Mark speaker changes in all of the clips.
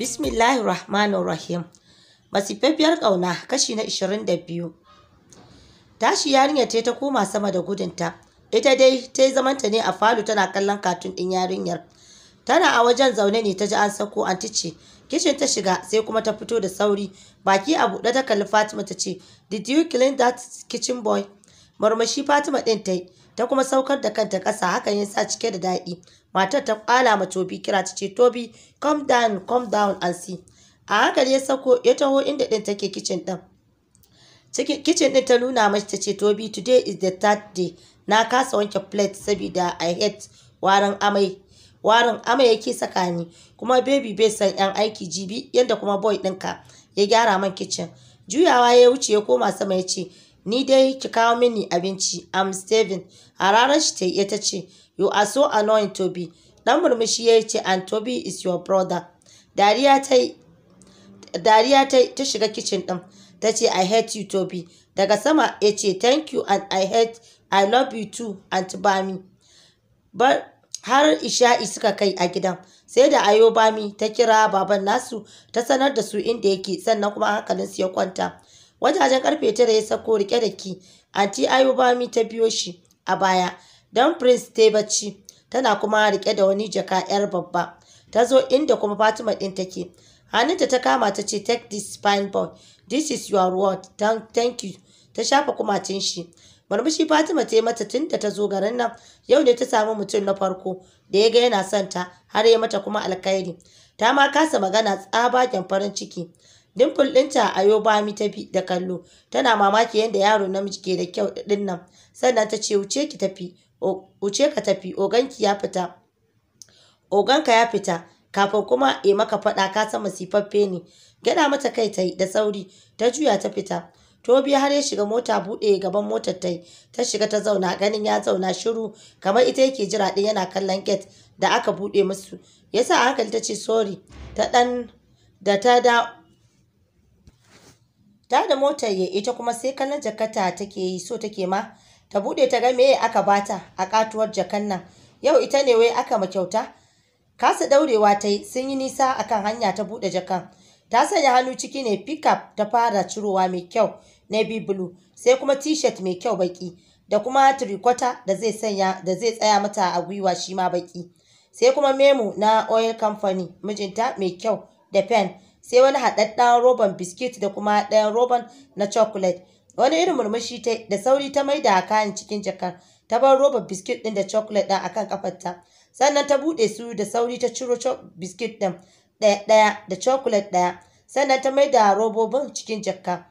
Speaker 1: Bismillahir Rahmanir Rahim. Masifaffiyar ƙauna kashi na biyu. Tashi yarinyar ta ta koma sama da gudunta. Ita dai ta yi zamanta ne a falo tana kallon katun ɗin yarinyar. Tana a wajen zaune ne ta ji an sako an tice. Kishin ta shiga sai kuma ta fito da sauri. Baki a buɗe ta kalli Fatima ta ce, Did you clean that kitchen boy? Murmushi Fatima din ta yi. Ta kuma saukar da kanta ƙasa hakan ya sa cike da daɗi. matar ta kwala ma tobi kira ta ce tobi come down come down and see a hankali ya sauko ya taho inda din take kicin cikin kicin din ta nuna mashi ta ce tobi today is the third day na kasa wanke plate saboda i hate warin amai warin amai yake saka ni kuma baby bai san yan aiki jibi yadda kuma boy ka ya gyara man kicin juyawa ya wuce ya koma sama ya ce ni dai ki kawo mini abinci i'm steven a ranar shi ta ce You are so annoying Toby. Dan murmushi ya ce and Toby is your brother. Dariya ta ta shiga kitchen ɗin, Ta ce I hate you Toby. Daga sama ya ce thank you and I hate I love you too Aunt Bami. har isha'i suka kai a gidan sai da ayo bami ta kira baban nasu ta sanar da su inda yake sannan kuma hankalinsu ya kwanta wajajen karfe tara ya sako rike da ki anti ayo bami ta biyo shi a baya don prince ta bacci tana kuma rike da wani jaka 'yar babba ta zo inda kuma fatima din take hannunta ta kama ta ce take this fine boy this is your reward thank you ta shafa kumacin shi murmushi fatima ta yi mata tun ta zo garin nan yau ne ta samu mutum na farko da ya ga yana son ta har ya mata kuma alkhairi ta ma kasa magana tsabagen farin ciki dimple ɗinta a ba ta bi da kallo tana mamaki yadda yaro namiji ke da kyau ɗin nan sannan ta ce wuce ki tafi wuce ka tafi oganki ya fita oganka ya fita kafin kuma e maka faɗa ka san masifaffe ne gyaɗa mata kai ta da sauri ta juya ta fita tobi har ya shiga mota buɗe gaban motar ta ta shiga ta zauna ganin ya zauna shiru kamar ita yake jira ɗin yana kallon gate da aka buɗe musu yasa hankali ta ce sorry ta dan da ta da ta da motar ya ita kuma sai kallon jakata take yi so take ma ta bude ta ga meye aka bata a katuwar jakan nan yau ita ne wai aka ma kyauta kasa daurewa ta yi sun yi nisa akan hanya ta bude jakan ta sanya hannu ciki ne pickup ta fara cirowa mai kyau navy blue sai kuma t-shirt mai kyau baki da kuma tricota da zai sanya da zai tsaya mata a gwiwa shi ma baki sai kuma memo na oil company mijinta mai kyau da pen sai wani haɗaɗɗen roban biskit da kuma ɗayan roban na chocolate wani irin murmushi ta da sauri ta maida kayan cikin jakar ta bar roba biskit din da chocolate din akan kafarta sannan ta bude su da sauri ta ciro biskit din daya daya da chocolate daya sannan ta maida robobin cikin jakka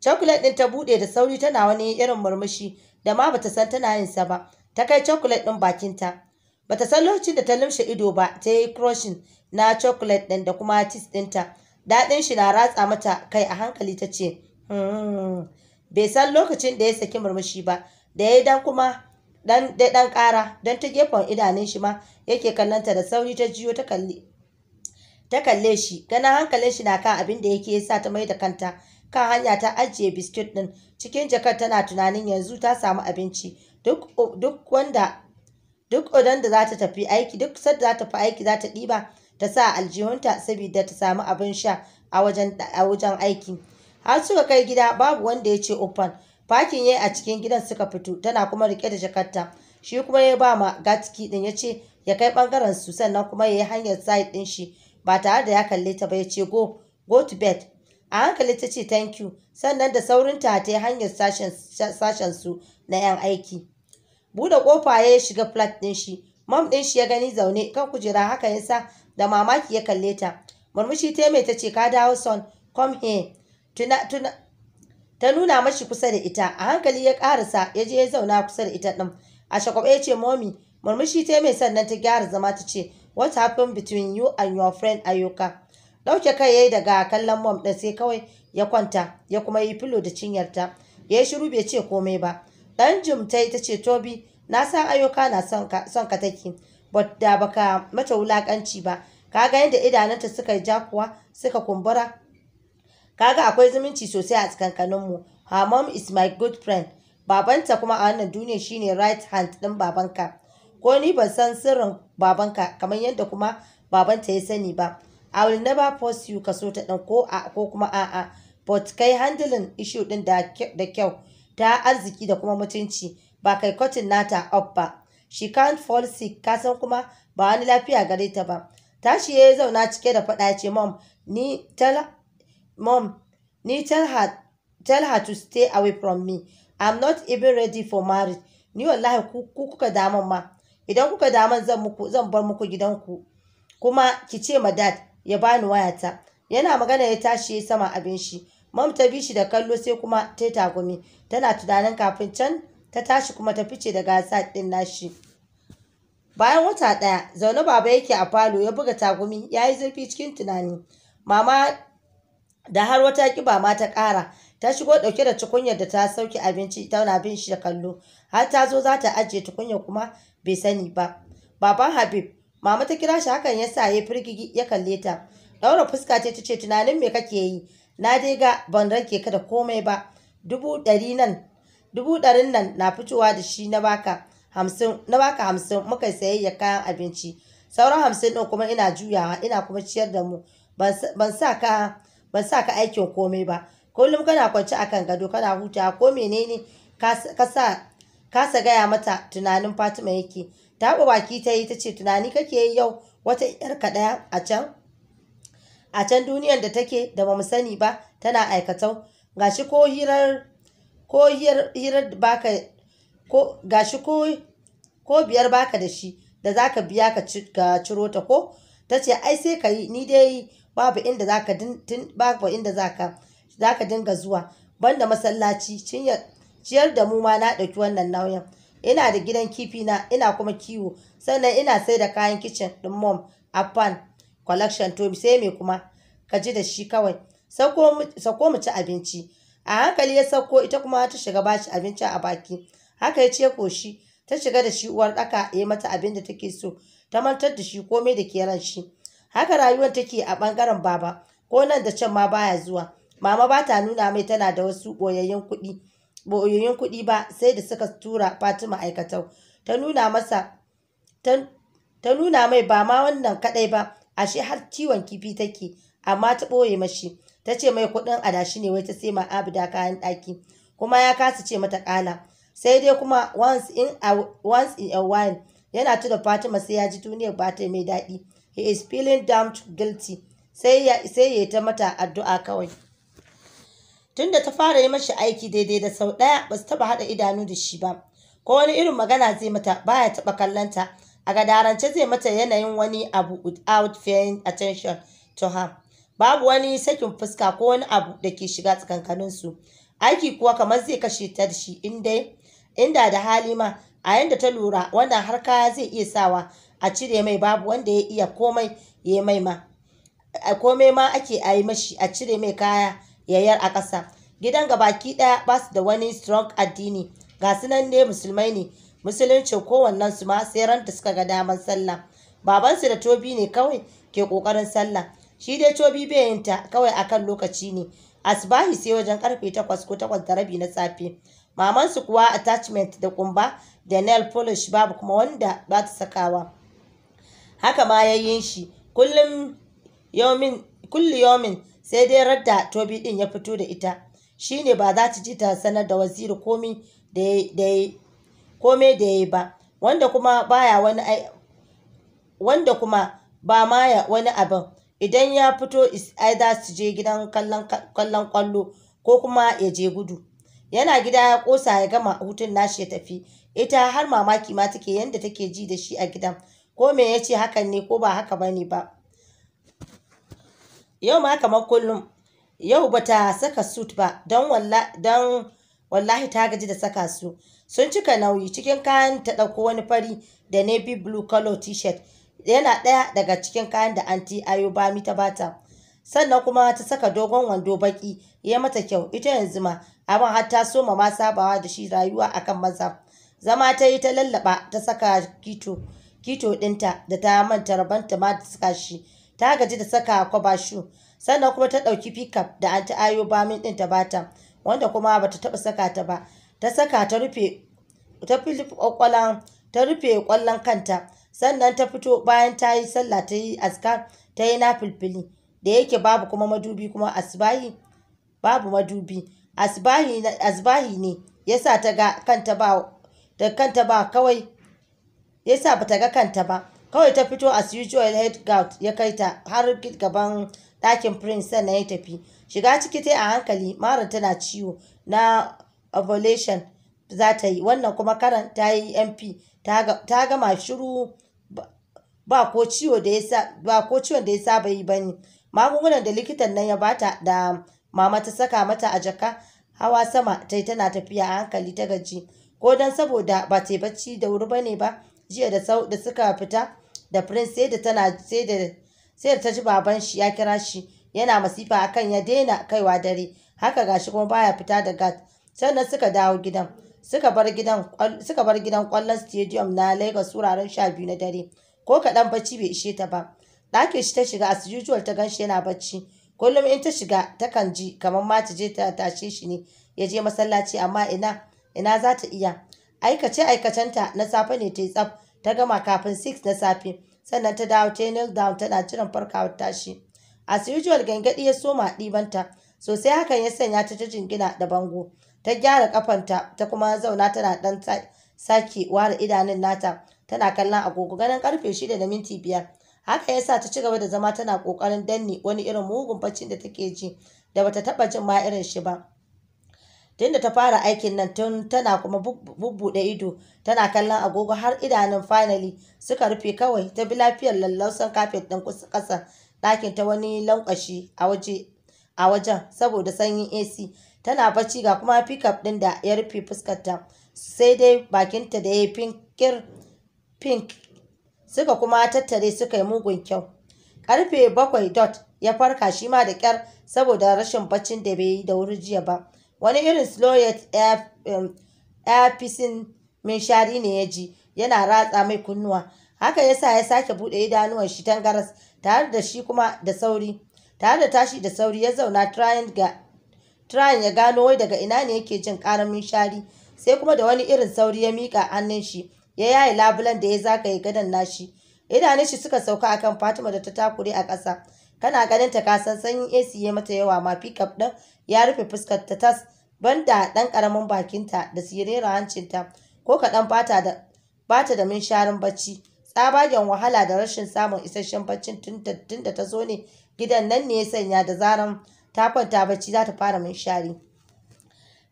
Speaker 1: chocolate din ta bude da sauri tana wani irin murmushi da ma bata san tana yin sa ba ta kai chocolate din ta bata san lokacin da ta lumshe ido ba ta yi crushing na chocolate din da kuma cheese ta, daɗin shi na ratsa mata kai a hankali ta ce hmm. bai san lokacin da ya saki murmushi ba da ya dan kuma dan dan ƙara don ta gefen idanun shi ma yake kallanta da sauri ta jiyo ta kalle ta kalle shi ganin hankalin shi na kan abin da yake sa ta mai da kanta kan hanya ta ajiye biskit din cikin jakar tana tunanin yanzu ta samu abinci duk wanda duk odan da za ta tafi aiki duk za ta fi aiki za ta ɗiba ta sa aljihunta saboda ta samu abin sha a wajen aiki har suka kai gida babu wanda ya ce open fakin yayi a cikin gidan suka fito tana kuma rike da jakarta shi kuma ya ba ma gatiki din ya ce ya kai bangaren su sannan kuma ya yi hanyar side din shi ba tare da ya kalle ta ba ya ce go go to bed a hankali ta ce thank you sannan da saurin ta ta hanyar sashen su na yan aiki bude kofa ya shiga flat din shi mom din shi ya gani zaune kan kujera haka yasa da mamaki ya kalle ta murmushi ta mai ta ce ka dawo son come here tuna tuna ta nuna mashi kusa da ita a hankali ya karasa ya je ya zauna kusa da ita din a shakwabe ya ce momi murmushi ta mai sannan ta gyara zama ta ce what happened between you and your friend ayoka ɗauke kai yayi daga kallon mom ɗin sai kawai ya kwanta ya kuma yi filo da cinyarta ya yi shiru bai ce komai ba dan jumtai ta ce tobi na san ayoka na son ka take but da baka mata wulakanci ba kaga yadda idanunta suka ja kuwa suka kumbura kaga akwai zumunci sosai a tsakankanin mu her mom is my good friend babanta kuma a wannan duniya shine right hand din babanka ko ni ban san sirrin babanka kamar yadda kuma babanta ya sani ba I will never force you kaso ta ɗan ko a ko kuma a'a but kai handling issue ɗin da kyau ta arziki da kuma mutunci ba kai cotton nata up ba she can't fall sick kasan kuma ba wani lafiya gare ta ba tashi ya zauna cike da faɗa ya ce mom ni tala Mom, Ni tell her tell her to stay away from me. I'm not even ready for marriage. Ni wallahi ku kuka daman ma. Idan kuka daman zan muku zan bar muku gidanku. Kuma ki ce ma dad ya bani wayata. Yana magana ya tashi ya sama abin shi. Mom ta bi shi da kallo sai kuma ta tagumi. Tana tunanin kafin can ta tashi kuma ta fice da gasa din nashi. Bayan wata ɗaya, zaune baba yake a falo ya buga tagumi yayi yi zurfi cikin tunani. Mama da har wata kiba ma ta ƙara ta shigo ɗauke da tukunyar da ta sauke abinci tana bin shi da kallo har ta zo za ta ajiye tukunyar kuma bai sani ba baban habib mama ta kira shi hakan ya sa ya firgigi ya kalle ta ɗaura fuska ce ta ce tunanin me kake yi na dai ga ban rage ka da komai ba dubu ɗari nan dubu ɗarin nan na fitowa da shi na baka hamsin na baka hamsin muka sayayya kayan abinci sauran hamsin ɗin kuma ina juyawa ina kuma ciyar da mu ban sa ka ba sa ka aikin komai ba kullum kana kwance akan gado kana hutawa ko menene ka sa kasa gaya mata tunanin Fatima yake ta baki ta yi ta ce tunani kake yi yau wata ka daya a can a can duniyar da take da bamu sani ba tana aikatau gashi ko hirar ko hirar baka ko gashi ko ko biyar baka da shi da zaka biya ka ciro ta ko tace ai sai kayi ni dai babu inda zaka din babu inda zaka zaka dinga zuwa banda masallaci ciyar da mu ma na ɗauki wannan nauyin ina da gidan kifi na ina kuma kiwo sannan ina sai da kayan kicin ɗin mom afan collection to sai me kuma ka ji da shi kawai sako mu ci abinci a hankali ya sauko ita kuma ta shiga bashi abinci a baki haka ya ce ko shi. ta shiga da shi uwar ɗaka ya mata abin da take so ta mantar da shi komai da ke ran shi haka rayuwar take a ɓangaren baba ko nan da can ma baya zuwa mama ba ta nuna mai tana da wasu ɓoyayyen kuɗi kuɗi ba sai da suka tura fatima aikatau ta nuna masa ta nuna mai ba ma wannan kaɗai ba ashe har ciwon kifi take amma ta ɓoye mashi ta ce mai kuɗin adashi ne wai ta sai ma abida kayan ɗaki kuma ya kasa ce mata ƙala sai dai kuma once in a, once in a while yana tura fatima sai ya ji duniyar ba ta mai daɗi he is feeling damned guilty sai ya sai ya ta mata addu'a kawai tunda ta fara yi mashi aiki daidai da sau ɗaya ba su taɓa haɗa idanu da shi ba ko wani irin magana zai mata baya taɓa kallonta a gadarance zai mata yanayin wani abu without paying attention to her babu wani sakin fuska ko wani abu da ke shiga su aiki kuwa kamar zai kashe ta da shi inda da hali ma a yanda ta lura wannan har kaya zai iya sawa a cire mai babu wanda ya iya komai ya mai ma komai ma ake ayi mashi a cire mai kaya yayar a ƙasa gidan gabaki ɗaya ba su da wani strong addini ga su nan ne musulmai ne musulunci kowannen su ma sai ran da suka ga daman sallah babansu da tobi ne kawai ke ƙoƙarin sallah shi dai tobi bai yin ta kawai akan lokaci ne asbahi sai wajen karfe takwas ko takwas da rabi na safe mamansu kuwa attachment da kumba da nail polish babu kuma wanda ba ta sakawa haka ma ya yi shi kullum yomin sai dai radda tobi din ya fito da ita shine ba za ta ji ta sanar da waziri komai da ya yi ba wanda kuma baya wani ba ma ya wani abin idan ya fito za su je gidan kallon kwallo ko kuma ya je gudu yana gida ya kosa ya gama hutun nashi ya tafi ita har mamaki ma take yadda take ji da shi a gidan ko me ya ce hakan ne ko ba haka ba ne ba yau ma kamar kullum yau ba ta saka suit ba don wallahi ta gaji da saka su sun cika nauyi cikin kayan ta ɗauko wani fari da navy blue color t-shirt yana ɗaya daga cikin kayan da anti ayo ba ta bata sannan kuma ta saka dogon wando baki ya mata kyau ita yanzu ma abin har ta soma ma sabawa da shi rayuwa akan maza zama ta yi ta lallaba ta saka kito kito ɗinta da ta manta rabanta ma da suka shi ta gaji da saka kwabashu sannan kuma ta ɗauki pickup da an ta ayo bamin ɗin ta bata wanda kuma ba ta taɓa saka ta ba ta saka ta rufe ta ta rufe ƙwallon kanta sannan ta fito bayan ta yi sallah ta yi askar ta yi nafilfili da yake babu kuma madubi kuma asbahi babu madubi asbahi ne yasa ta ga kanta ba da kanta ba kawai yasa bata ga kanta ba kawai ta fito as usual guard ya kai ta har gaban ɗakin prince sannan ya tafi shiga ciki ta a hankali mara tana ciwo na ovulation za ta yi wannan kuma karan ta yi mp ta gama shiru ba ko ciwo da ya ba ko ciwon da ya saba yi bane magungunan da likitan nan ya bata da mama ta saka mata a jaka hawa sama ta tana tafiya a hankali ta gaji ko don saboda ba ta yi bacci da wuri bane ba jiya da da suka fita da prince sai da tana sai da sai da ta ji baban shi ya kira shi yana masifa akan ya daina kaiwa dare haka gashi kuma baya fita da gat sannan suka dawo gidan suka bar gidan suka bar gidan kwallon stadium na Lagos wuraren 12 na dare ko kaɗan bacci bai ishe ta ba ɗakin shi ta shiga as usual ta ganshi yana bacci kullum in ta shiga takan ji kamar ma ta je ta tashe shi ne ya je masallaci amma ina ina za ta iya aikace aikacenta na safe ne ta yi tsaf ta gama kafin 6 na safe sannan ta dawo ta kneel down tana jiran farkawar tashi as usual gangadi ya soma ɗibanta sosai hakan ya sanya ta ta jingina da bango ta gyara kafanta ta kuma zauna tana dan sake ware idanun nata tana kallon agogo ganin karfe shida da minti biyar haka ya sa ta ci gaba da zama tana kokarin danne wani irin mugun baccin da take ji da bata taba jin ma irin shi ba tunda ta fara aikin nan tun tana kuma bubbuɗe ido tana kallon agogo har idanun finally suka rufe kawai ta bi lafiyar lallausan kafet ɗin ƙasa ɗakin ta wani lankwashi a wajen saboda sanyin AC tana bacci ga kuma pickup ɗin da ya rufe fuskarta sai dai bakinta da ya yi pinkir pink suka kuma tattare suka yi mugun kyau karfe bakwai dot ya farka shi ma da kyar saboda rashin baccin da bai yi da wuri jiya ba wani irin sloyet eh, eh, min shari ne ya ji yana ratsa mai kunnuwa haka yasa ya sake buɗe idanuwan shi tangaras tare da shi kuma da sauri tare da tashi da sauri ya zauna trying ya gano wai daga ina ne yake jin karamin shari sai kuma da wani irin sauri ya mika hannun shi ya yaye labulan da ya yi gadon nashi idanun shi suka sauka akan Fatima da ta takure a ƙasa kana ganin ta kasan sanyin AC ya mata yawa ma pickup din ya rufe fuskar ta tas banda ɗan ƙaramin bakinta da sirera hancinta ko kaɗan bata da bata da minsharin bacci tsabagen wahala da rashin samun isasshen bacci tun da ta zo ne gidan nan ne ya sanya da zaran ta kwanta bacci za ta fara minshari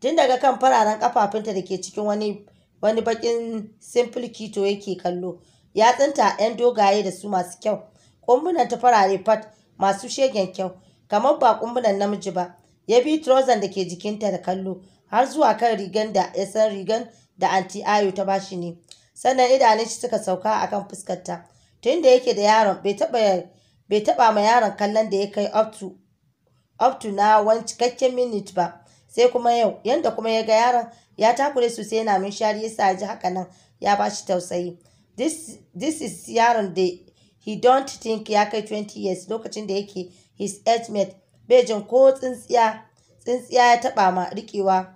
Speaker 1: tun daga kan fararen kafafunta da ke cikin wani wani bakin simple keto yake kallo tsinta yan dogaye da su masu kyau kumbunan ta farare fat masu shegen kyau kamar ba kumbunan namiji ba ya bi trozan da ke jikinta da kallo har zuwa kan rigan da ya san rigan da anti ayo ta bashi ne sannan idanun shi suka sauka akan fuskarta tun da yake da yaron bai taba ma yaron kallon da ya kai up to na wani cikakken minit ba sai kuma yau yanda kuma ya ga yaron ya takure sosai yana min ya sa ji haka nan ya ba shi tausayi this, this is yaron da he don't think ya kai 20 years lokacin da yake his age mate Bejin ko tsintsiya tsintsiya ya taɓa ma riƙewa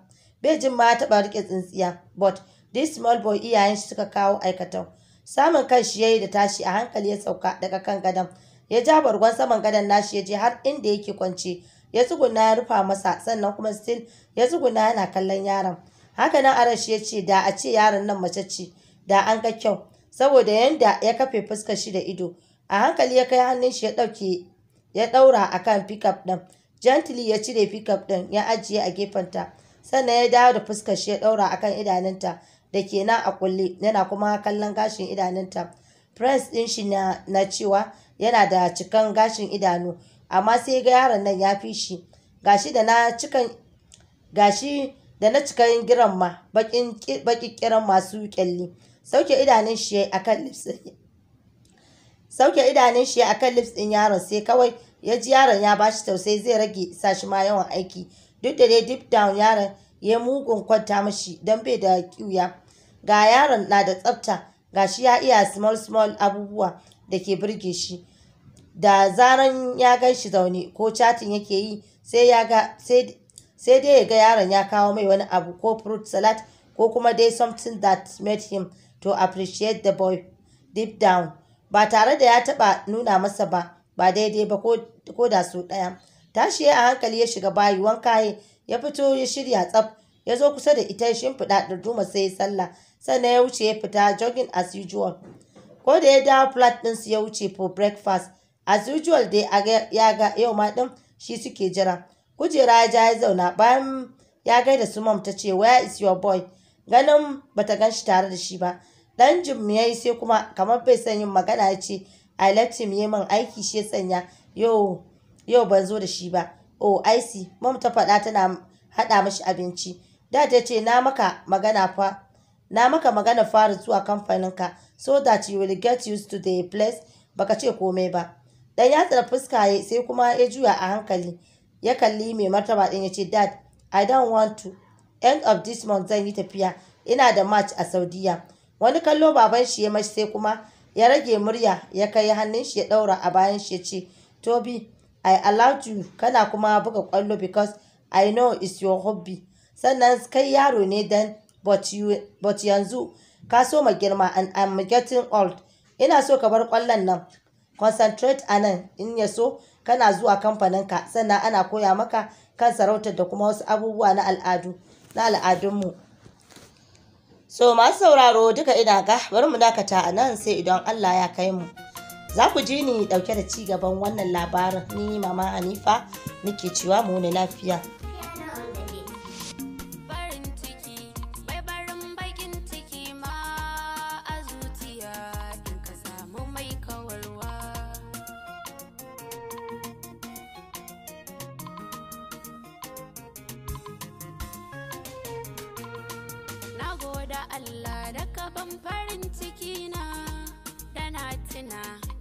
Speaker 1: bai ma ya taɓa riƙe tsintsiya but this small boy iyayen shi suka kawo aikatan samun kan shi yayi da tashi a hankali ya sauka daga kan gadon ya ja bargon saman gadon nashi ya je har inda yake kwance ya tsuguna ya rufa masa sannan kuma still ya tsuguna yana kallon yaron haka nan shi ya ce da a ce yaron nan mace ce da an ga kyau saboda yanda ya kafe fuskar shi da ido a hankali ya kai hannun shi ya ɗauke ya ɗaura a kan pickup ɗin. Gently ya cire pickup ɗin ya ajiye a gefenta. Sannan ya dawo da fuskar shi ya ɗaura a kan ta da ke nan a kulle yana kuma kallon gashin idanun ta Prince ɗin shi na, cewa yana da cikan gashin idanu amma sai ga yaron nan ya fi shi. Gashi da na cikan gashi da na cikan giran ma baƙin masu ƙyalli Sauke idanun shi akan lips sauke idanun shi kan lips ɗin yaron sai kawai ya ji yaron ya bashi tausayi zai rage sa shi ma yawan aiki duk da dai deep down yaron ya mugun kwanta mashi don bai da kiuya ga yaron na da tsafta ga shi ya iya small small abubuwa da ke birge shi da zaran ya gan shi zaune ko chatin yake yi sai ya ga sai dai ya ga yaron ya kawo mai wani abu ko fruit salad ko kuma dai something that made him to appreciate the boy deep down ba tare da ya taɓa nuna masa ba ba daidai ba ko da su ɗaya tashi a hankali ya shiga bayi wanka ya fito ya shirya tsaf ya zo kusa da ita ya shimfiɗa duma sai ya sallah sannan ya wuce ya fita jogging as usual ko da ya dawo flat ɗin su ya wuce for breakfast as usual dai ya ga yau ma ɗin shi suke jira kujera ya ja ya zauna bayan ya gaida su mam ta ce where is your boy ganin bata gan shi tare da shi ba dan jim yayi sai kuma kamar bai san yin magana ya ce i left him yayi min aiki shi sanya yau yau ban zo da shi ba oh i see mom ta faɗa tana haɗa mashi abinci da ta ce na maka magana fa na maka magana fara zuwa kamfaninka so that you will get used to the place baka ce komai ba dan ya tsara fuska sai kuma ya juya a hankali ya kalli mai martaba din ya ce dad i don't want to end of this month zan yi tafiya ina da match a saudiya wani kallo baban shi ya mace sai kuma ya rage murya ya kai hannun shi ya daura a bayan shi ya ce tobi i allowed you kana kuma buga kwallo because i know it's your hobby sannan kai yaro ne dan but yanzu ka so ma girma and i'm getting old ina so ka bar kwallon nan concentrate a nan in ya so kana zuwa kamfanin ka sannan ana koya maka kan sarautar da kuma wasu abubuwa na al'adu na al'adunmu so masu sauraro duka ina ga bari mu dakata a nan sai idan allah ya kai mu za ku ji ni dauke da ci gaban wannan labarin ni mama anifa muke cewa mu ne lafiya Allah da kafan farin ciki na da tuna